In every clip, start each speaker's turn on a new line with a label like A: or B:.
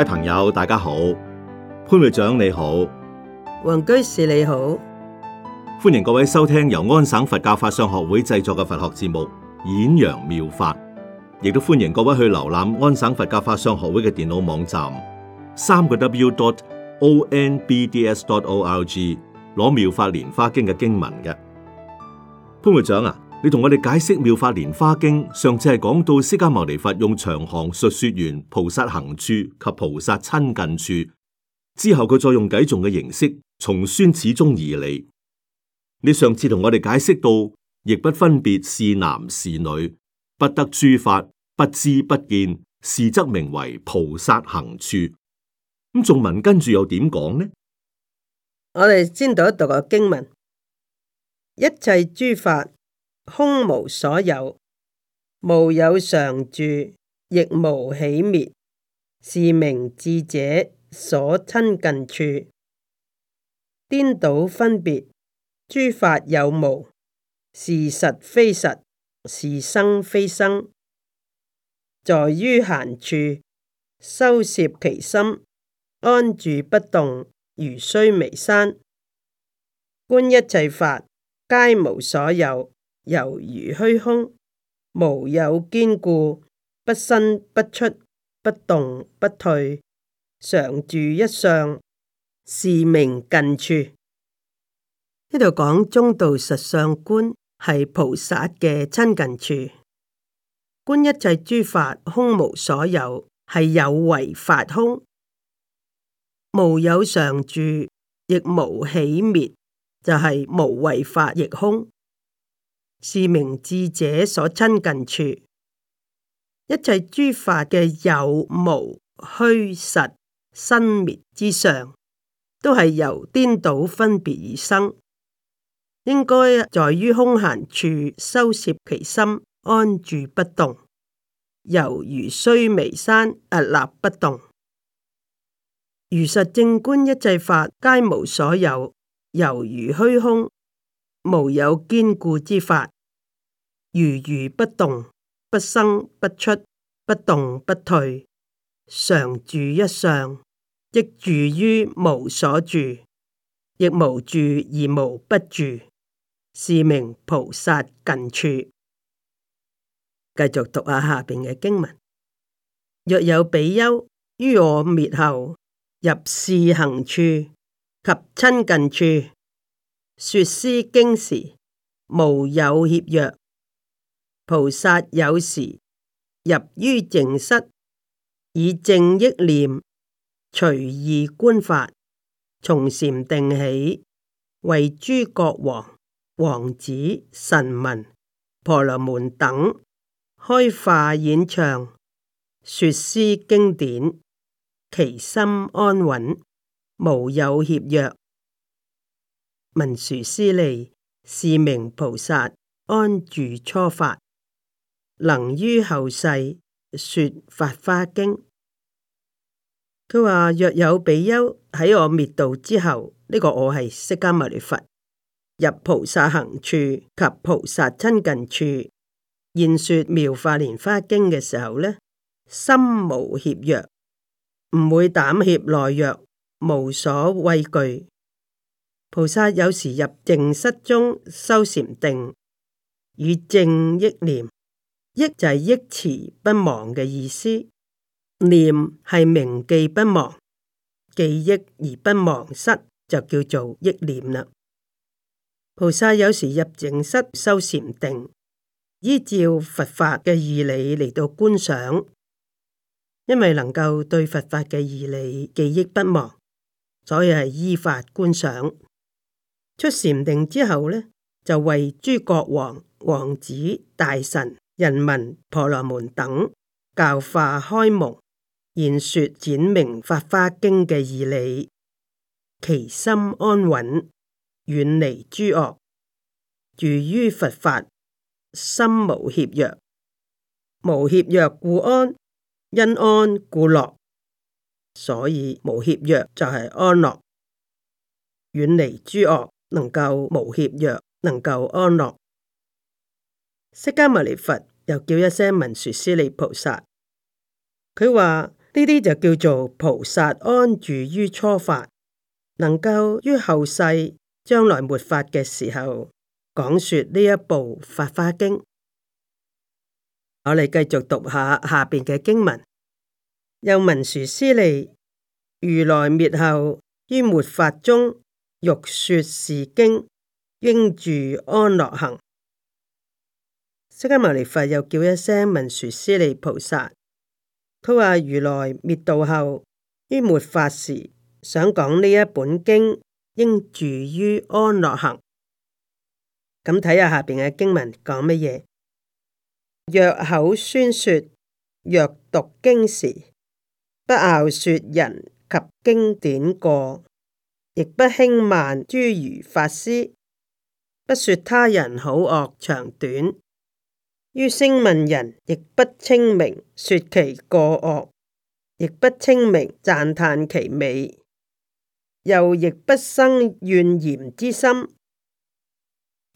A: 各位朋友，大家好，潘會長你好，
B: 王居士你好，
A: 歡迎各位收聽由安省佛教法相學會製作嘅佛學節目《演揚妙法》，亦都歡迎各位去瀏覽安省佛教法相學會嘅電腦網站，三個 W dot O N B D S dot O L G 攞妙法蓮華經嘅經文嘅，潘會長啊。你同我哋解釋《妙法蓮華經》，上次係講到釋迦牟尼佛用長行述說完菩薩行處及菩薩親近處之後，佢再用偈頌嘅形式從宣始終而嚟。你上次同我哋解釋到，亦不分別是男是女，不得諸法，不知不見，是則名為菩薩行處。咁眾文跟住又點講呢？
B: 我哋先讀一讀個經文，一切諸法。空無所有，無有常住，亦無起滅，是名智者所親近處。顛倒分別，諸法有無，是實非實，是生非生，在於閑處，修攝其心，安住不動，如須彌山，觀一切法，皆無所有。猶如虛空，無有堅固，不生不出，不動不退，常住一相，是名近處。呢度講中道實相觀，係菩薩嘅親近處。觀一切諸法空無所有，係有為法空，無有常住，亦無起滅，就係、是、無為法亦空。是名智者所親近處，一切諸法嘅有無虛實生滅之相，都係由顛倒分別而生。應該在於空閒處修攝其心，安住不動，猶如須彌山屹立不動。如實正觀一切法，皆無所有，猶如虛空。無有堅固之法，如如不動，不生不出，不動不退，常住一相，亦住於無所住，亦無住而無不住，是名菩薩近處。繼續讀下下邊嘅經文：若有比丘於我滅後入是行處及親近處。說是經時無有怯弱，菩薩有時入於靜室，以正憶念，隨意觀法，從禪定起，為諸國王、王子、臣民、婆羅門等開化演唱說斯經典，其心安穩，無有怯弱。文殊師利是名菩薩安住初法，能於後世說法華經。佢話若有比丘喺我滅度之後，呢、這個我係釋迦牟尼佛入菩薩行處及菩薩親近處，現說妙法蓮華經嘅時候呢，心無怯弱，唔會膽怯懦弱，無所畏懼。菩薩有時入靜室中修禪定，以正憶念，憶就係憶持不忘嘅意思，念係銘記不忘，記憶而不忘失，就叫做憶念啦。菩薩有時入靜室修禪定，依照佛法嘅義理嚟到觀想，因為能夠對佛法嘅義理記憶不忘，所以係依法觀想。出禪定之後呢，就為諸國王、王子、大臣、人民、婆羅門等教化開蒙，言說展明法華經嘅義理，其心安穩，遠離諸惡，住於佛法，心無怯弱，無怯弱故安，因安故樂，所以無怯弱就係安樂，遠離諸惡。能夠無怯弱，能夠安樂。釋迦牟尼佛又叫一聲文殊師利菩薩，佢話呢啲就叫做菩薩安住於初法，能夠於後世將來末法嘅時候講說呢一部《法華經》，我哋繼續讀下下邊嘅經文。又文殊師利，如來滅後，於末法中。欲說是經，應住安樂行。釋迦牟尼佛又叫一聲文殊師利菩薩，佢話：如來滅度後，於末法時，想講呢一本經，應住於安樂行。咁睇下下邊嘅經文講乜嘢？若口宣說，若讀經時，不樂說人及經典過。亦不輕慢諸餘法師，不說他人好惡長短；於聲聞人亦不清明說其過惡，亦不清明讚歎其美，又亦不生怨言之心。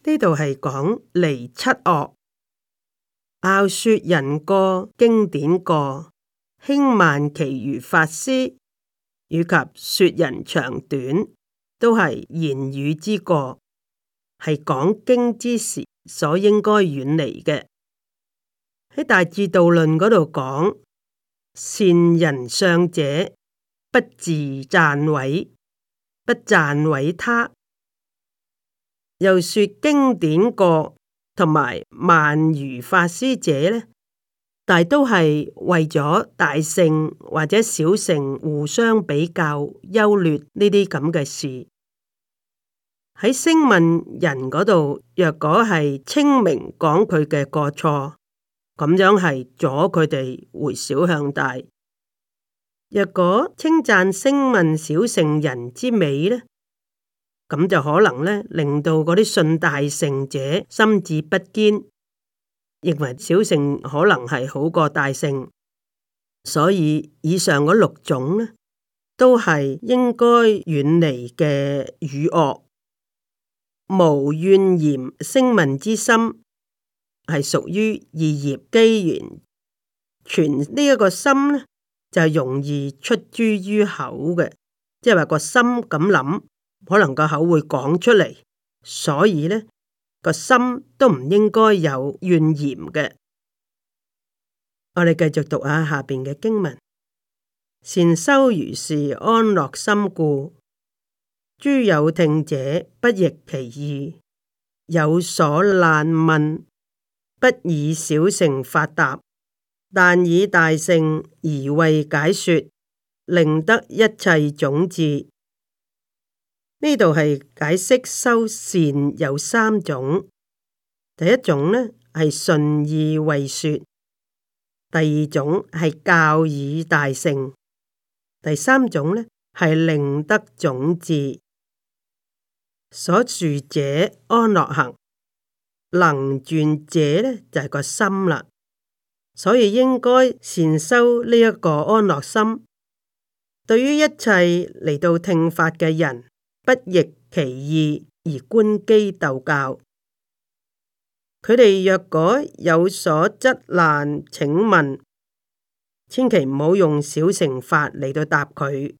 B: 呢度係講離七惡，傲說人過經典過，輕慢其餘法師。以及說人長短都係言語之過，係講經之時所應該遠離嘅。喺《大智度論》嗰度講，善人上者不自讚毀，不讚毀他。又說經典過同埋萬餘法師者呢？但都係為咗大聖或者小聖互相比較優劣呢啲咁嘅事，喺聲聞人嗰度，若果係清明講佢嘅過錯，咁樣係阻佢哋回小向大；若果稱讚聲聞小聖人之美咧，咁就可能咧令到嗰啲信大聖者心志不堅。認為小乘可能係好過大乘，所以以上嗰六種都係應該遠離嘅語惡，無怨言、聲聞之心係屬於二乘機緣，存呢一個心咧就容易出諸於口嘅，即係話個心咁諗，可能個口會講出嚟，所以呢。個心都唔應該有怨言嘅。我哋繼續讀下下邊嘅經文：善修如是安樂心故，諸有聽者不逆其意，有所難問，不以小乘法答，但以大乘而為解說，令得一切種智。呢度係解釋修善有三種，第一種咧係順意為說，第二種係教以大乘，第三種咧係令得種治。所住者安樂行，能轉者咧就係、是、個心啦，所以應該善修呢一個安樂心，對於一切嚟到聽法嘅人。不逆其意而觀機逗教，佢哋若果有所質難，請問千祈唔好用小乘法嚟到答佢，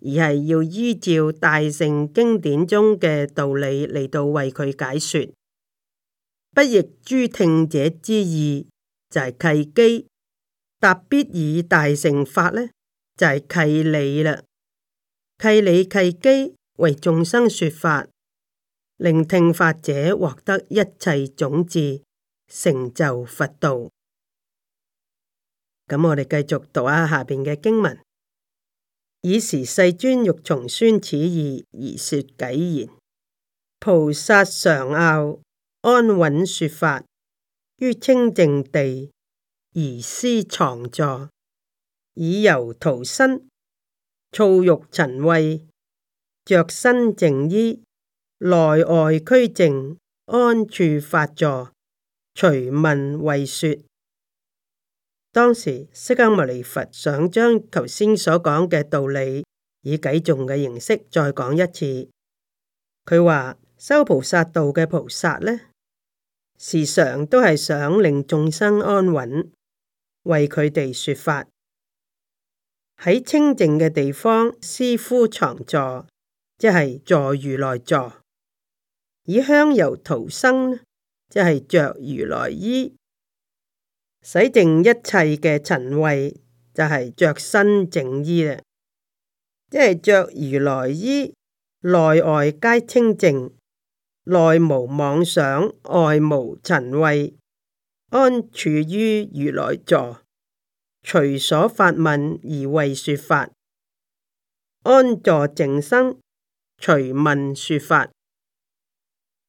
B: 而係要依照大乘經典中嘅道理嚟到為佢解說。不逆諸聽者之意，就係、是、契機答必以大乘法咧，就係、是、契理啦，契理契機。為眾生說法，令聽法者獲得一切種智，成就佛道。咁我哋繼續讀下下邊嘅經文。以時世尊欲重宣此意，而說偈言：菩薩常傲安穩說法，於清淨地而施藏座，以遊屠身，粗欲塵穢。着身淨衣，內外俱淨，安處法座，隨問為說。當時釋迦牟尼佛想將頭先所講嘅道理以偈頌嘅形式再講一次。佢話修菩薩道嘅菩薩呢，時常都係想令眾生安穩，為佢哋說法，喺清淨嘅地方施敷床座。即係坐如來座」，以香油塗身，即係着如來衣，洗淨一切嘅塵穢，就係、是、着新淨衣啦。即係着如來衣，內外皆清淨，內無妄想，外無塵穢，安處於如來座，隨所發問而為說法，安坐淨身。隨問說法，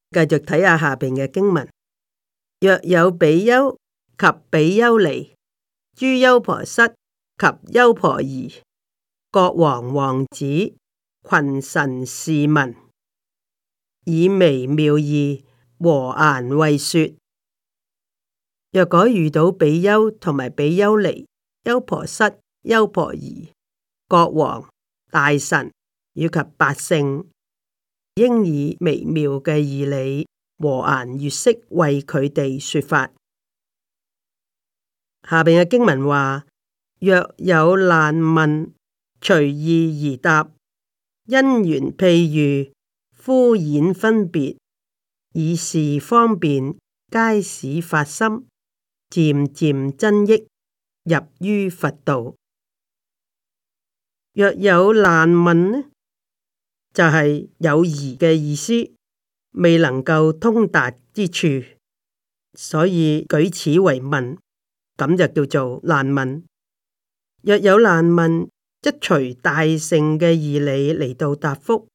B: 繼續睇下下邊嘅經文。若有比丘及比丘尼、諸優婆塞及優婆夷、國王王子、群臣士民，以微妙義和顏為說。若果遇到比丘同埋比丘尼、優婆塞、優婆夷、國王、大臣。以及百姓，應以微妙嘅義理和顏悦色為佢哋說法。下邊嘅經文話：若有難問，隨意而答；因緣譬喻，敷演分別，以是方便，皆使發心，漸漸增益，入於佛道。若有難問呢？就係有疑嘅意思，未能夠通達之處，所以舉此為問，咁就叫做難問。若有難問，即隨大乘嘅義理嚟到答覆，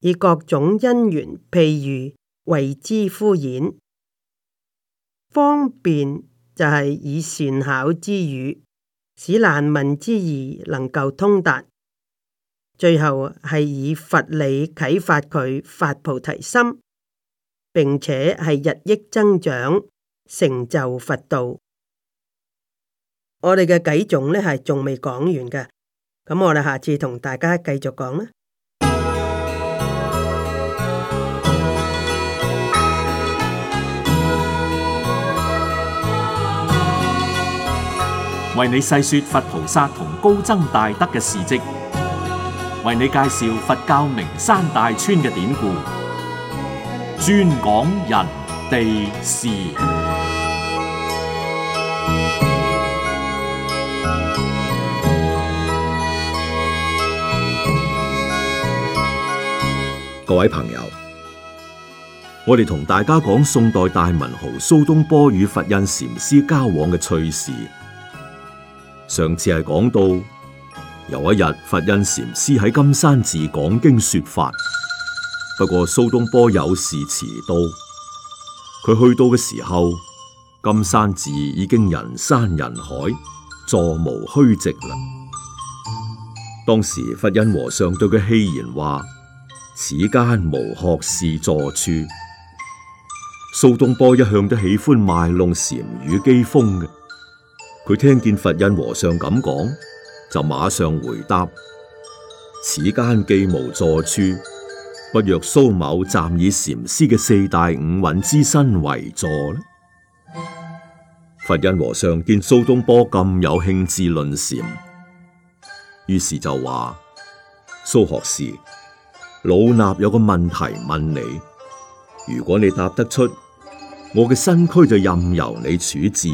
B: 以各種因緣譬如為之敷衍，方便就係以善巧之語，使難問之義能夠通達。最後係以佛理啟發佢發菩提心，並且係日益增長成就佛道。我哋嘅計種咧係仲未講完嘅，咁我哋下次同大家繼續講啦。
A: 為你細說佛菩薩同高僧大德嘅事跡。為你介紹佛教名山大川嘅典故，專講人、地、事。各位朋友，我哋同大家講宋代大文豪蘇東坡與佛印禪師交往嘅趣事。上次係講到。有一日，佛印禪師喺金山寺講經說法。不過蘇東坡有事遲到，佢去到嘅時候，金山寺已經人山人海，座無虛席啦。當時佛印和尚對佢戲言話：此間無學士坐處。蘇東坡一向都喜歡賣弄禪語機鋒嘅，佢聽見佛印和尚咁講。就馬上回答，此間既無坐處，不若蘇某暫以禪師嘅四大五蘊之身為坐呢？佛印和尚見蘇東坡咁有興致論禪，於是就話：蘇學士，老衲有個問題問你，如果你答得出，我嘅身軀就任由你處置；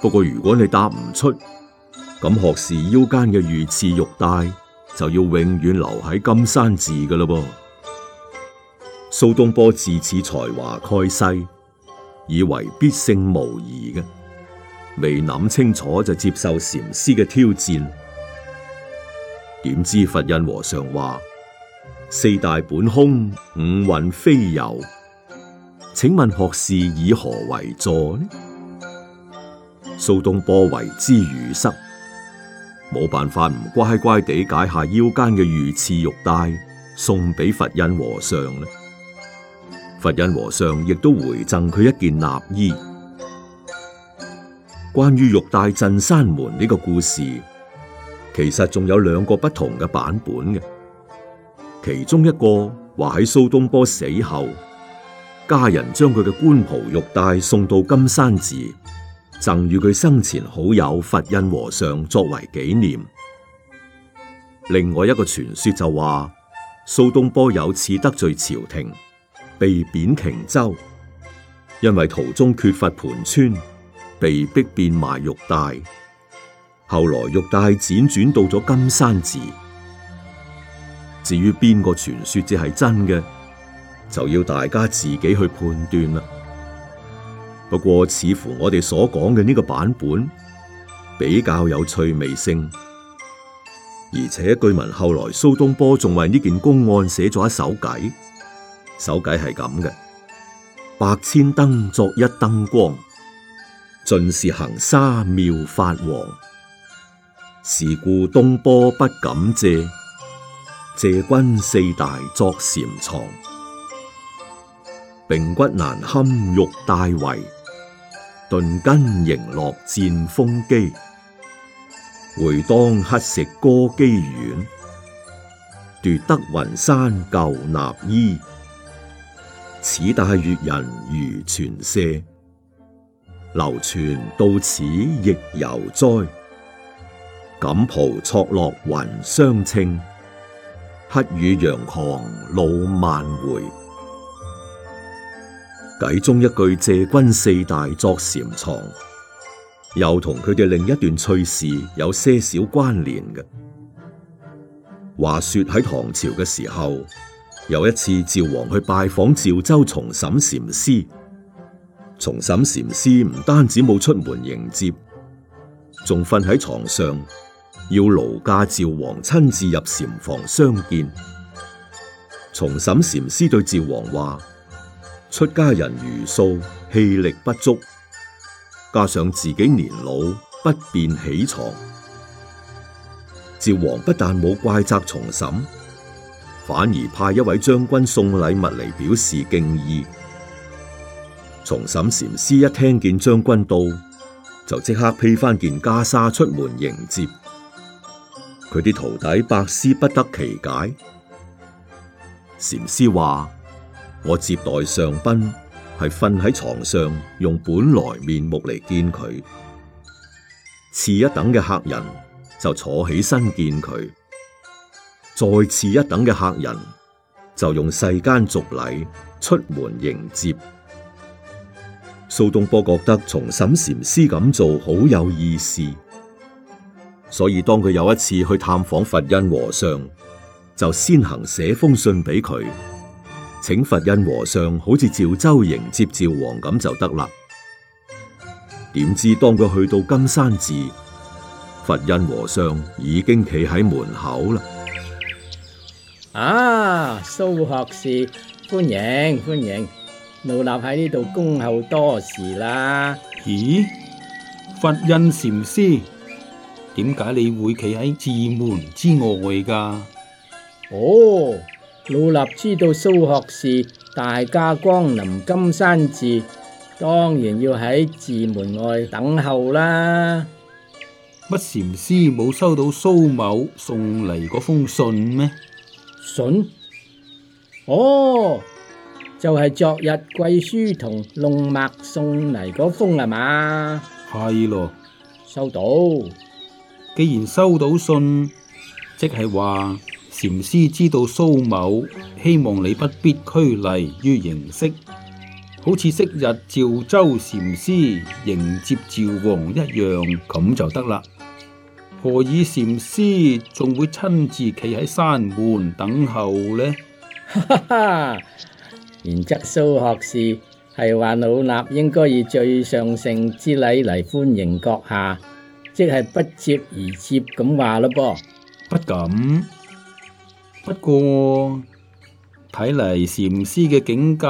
A: 不過如果你答唔出，咁學士腰間嘅御賜玉帶就要永遠留喺金山寺噶啦噃。蘇東坡自恃才華蓋世，以為必勝無疑嘅，未諗清楚就接受禪師嘅挑戰。點知佛印和尚話：四大本空，五蘊非有。請問學士以何為助呢？蘇東坡為之語塞。冇辦法，唔乖乖地解下腰間嘅御賜玉帶，送俾佛印和尚咧。佛印和尚亦都回贈佢一件衲衣。關於玉帶鎮山門呢個故事，其實仲有兩個不同嘅版本嘅。其中一個話喺蘇東坡死後，家人將佢嘅官袍玉帶送到金山寺。贈與佢生前好友佛印和尚作為紀念。另外一個傳說就話蘇東坡有次得罪朝廷，被貶瓊州，因為途中缺乏盤川，被逼變賣玉帶。後來玉帶輾轉，轉到咗金山寺。至於邊個傳說只係真嘅，就要大家自己去判斷啦。不過似乎我哋所講嘅呢個版本比較有趣味性，而且據聞後來蘇東坡仲為呢件公案寫咗一首偈，首偈係咁嘅：百千燈作一燈光，盡是行沙妙法王。是故東坡不敢借，借君四大作禪床。并骨難堪玉帶圍。頓根迎落戰風機，回當乞食歌姬院，奪得雲山舊衲衣。此帶閱人如傳舍，流傳到此亦猶哉。錦袍錯落雲相稱，乞與楊狂路萬回。偈中一句借君四大作禪床，又同佢哋另一段趣事有些少關聯嘅。話說喺唐朝嘅時候，有一次趙王去拜訪趙州重審禪師，重審禪師唔單止冇出門迎接，仲瞓喺床上，要勞駕趙王親自入禪房相見。重審禪師對趙王話。出家人茹素，氣力不足，加上自己年老不便起床。趙王不但冇怪責重審，反而派一位將軍送禮物嚟表示敬意。重審禪師一聽見將軍到，就即刻披返件袈裟出門迎接。佢啲徒弟百思不得其解，禪師話。我接待上賓係瞓喺床上，用本來面目嚟見佢；次一等嘅客人就坐起身見佢；再次一等嘅客人就用世間俗禮出門迎接。蘇東坡覺得從諗禪師咁做好有意思，所以當佢有一次去探訪佛印和尚，就先行寫封信俾佢。請佛印和尚好似趙州迎接趙王咁就得啦。點知當佢去到金山寺，佛印和尚已經企喺門口啦。
C: 啊，蘇學士，歡迎歡迎，老衲喺呢度恭候多時啦。咦，佛印禪
D: 師，點解你會企喺寺門之外噶？哦。
C: 老衲知道蘇學士大駕光臨金山寺，當然要喺寺門外等候啦。
D: 乜禪師冇收到蘇某送嚟嗰封信咩？
C: 信？哦，就係昨日貴書同弄墨送嚟嗰封係嘛？係咯，收
D: 到。既然收到信，即係話。禪師知道蘇某，希望你不必拘泥於形式，好似昔日趙州禪師迎接趙王一樣，咁就得啦。何以禪師仲會親自企喺山門
C: 等候呢？哈哈，然則蘇學士係話老衲應該以最上乘之禮嚟歡迎閣下，即係不接而接咁話咯噃，不敢。
D: 不過睇嚟，禪師嘅境界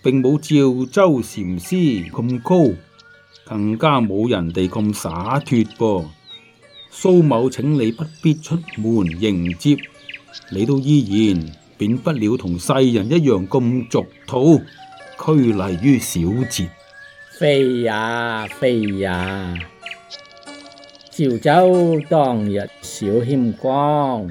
D: 並冇趙州禪師咁高，更加冇人哋咁灑脫噃。蘇某請你不必出門迎接，你都依然免不了同世人一樣咁俗套，
C: 拘泥於小節。飛呀飛呀，趙州當日少謙光。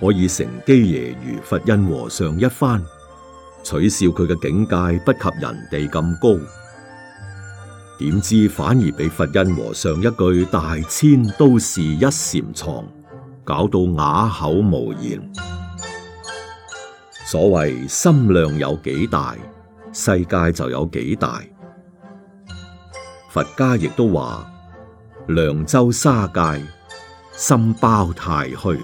A: 可以乘機揶揄佛印和尚一番，取笑佢嘅境界不及人哋咁高。點知反而俾佛印和尚一句大千都是一禪床，搞到啞口無言。所謂心量有幾大，世界就有幾大。佛家亦都話：量周沙界，心包太虛。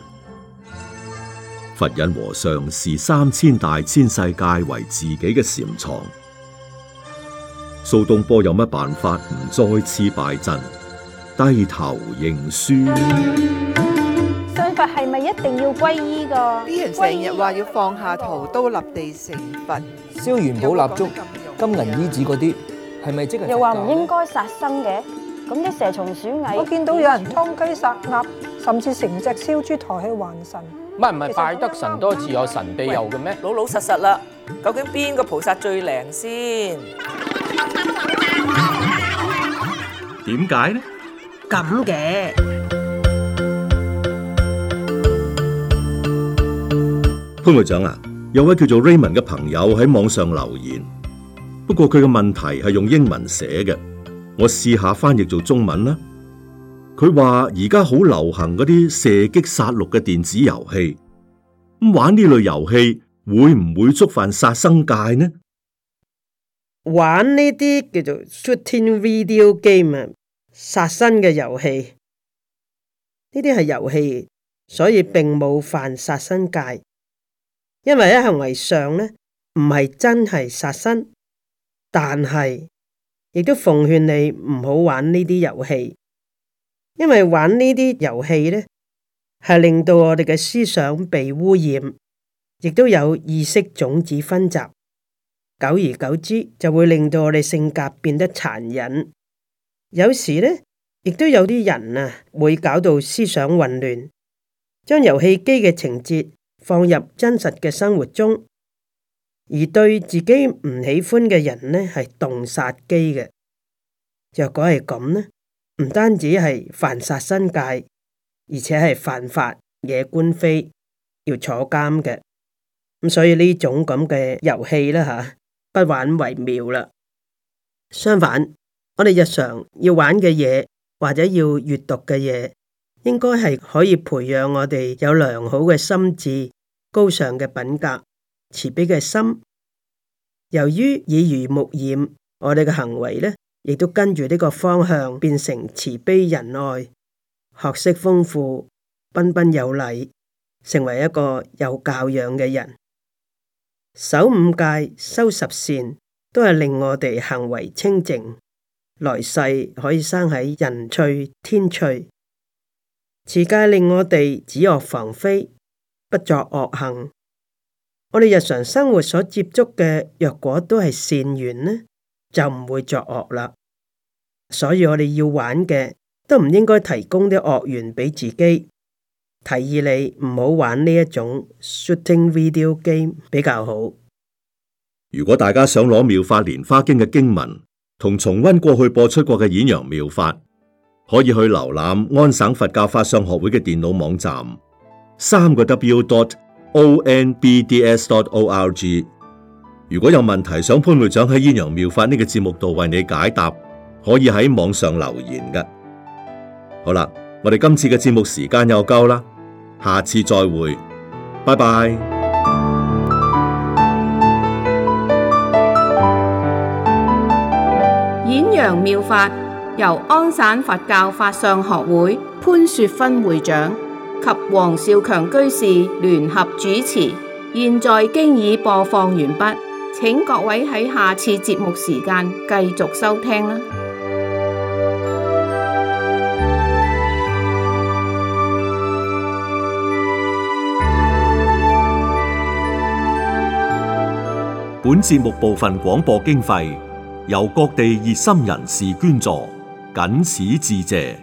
A: 佛印和尚視三千大千世界為自己嘅禪床。蘇東坡有乜辦法唔再次敗陣？低頭認輸。
B: 信佛係咪一定要皈依噶？成日話要放下屠刀立地成佛，
C: 燒元寶蠟燭、金銀衣紙嗰啲，係咪、啊、即係？又話唔應
B: 該殺生嘅，咁啲蛇蟲鼠蟻，我見到有人劏雞殺鴨，甚至成隻燒豬抬去還神。
C: 唔唔係，拜得神多自有
A: 神庇佑嘅
C: 咩？老老實實啦，究竟邊個菩薩最靈先？
A: 點解呢？
B: 咁嘅
A: 潘會長啊，有位叫做 Raymond 嘅朋友喺網上留言，不過佢嘅問題係用英文寫嘅，我試下翻譯做中文啦。佢話而家好流行嗰啲射擊殺戮嘅電子遊戲，咁玩呢類遊戲會唔會觸犯殺生戒呢？
B: 玩呢啲叫做 shooting video game 啊，殺生嘅遊戲，呢啲係遊戲，所以並冇犯殺生戒。因為一行為上咧，唔係真係殺生，但係亦都奉勸你唔好玩呢啲遊戲。因為玩呢啲遊戲呢，係令到我哋嘅思想被污染，亦都有意識種子分集，久而久之就會令到我哋性格變得殘忍。有時呢，亦都有啲人啊，會搞到思想混亂，將遊戲機嘅情節放入真實嘅生活中，而對自己唔喜歡嘅人呢，係動殺機嘅。若果係咁呢，唔單止係犯殺生戒，而且係犯法惹官非，要坐監嘅。咁所以呢種咁嘅遊戲啦吓，不玩為妙啦。相反，我哋日常要玩嘅嘢或者要閲讀嘅嘢，應該係可以培養我哋有良好嘅心智、高尚嘅品格、慈悲嘅心。由於耳濡目染，我哋嘅行為咧，亦都跟住呢個方向，變成慈悲仁愛、學識豐富、彬彬有禮，成為一個有教養嘅人。守五戒、修十善，都係令我哋行為清淨，來世可以生喺人趣、天趣。持戒令我哋止惡防非，不作惡行。我哋日常生活所接觸嘅，若果都係善緣呢？就唔會作惡啦，所以我哋要玩嘅都唔應該提供啲惡緣俾自己。提議你唔好玩呢一種 shooting video game 比較好。
A: 如果大家想攞《妙法蓮華經》嘅經文同重温過去播出過嘅演揚妙法，可以去瀏覽安省佛教法相學會嘅電腦網站，三個 W dot O N B D S dot O R G。如果有問題想潘會長喺《艷陽妙法》呢個節目度為你解答，可以喺網上留言嘅。好啦，我哋今次嘅節目時間又夠啦，下次再會，拜拜。
B: 《艷陽妙法》由安省佛教法相學會潘雪芬會長及黃少強居士聯合主持，現在經已播放完畢。請各位喺下次節目時間繼續收聽啦。
A: 本節目部分廣播經費由各地熱心人士捐助，謹此致謝。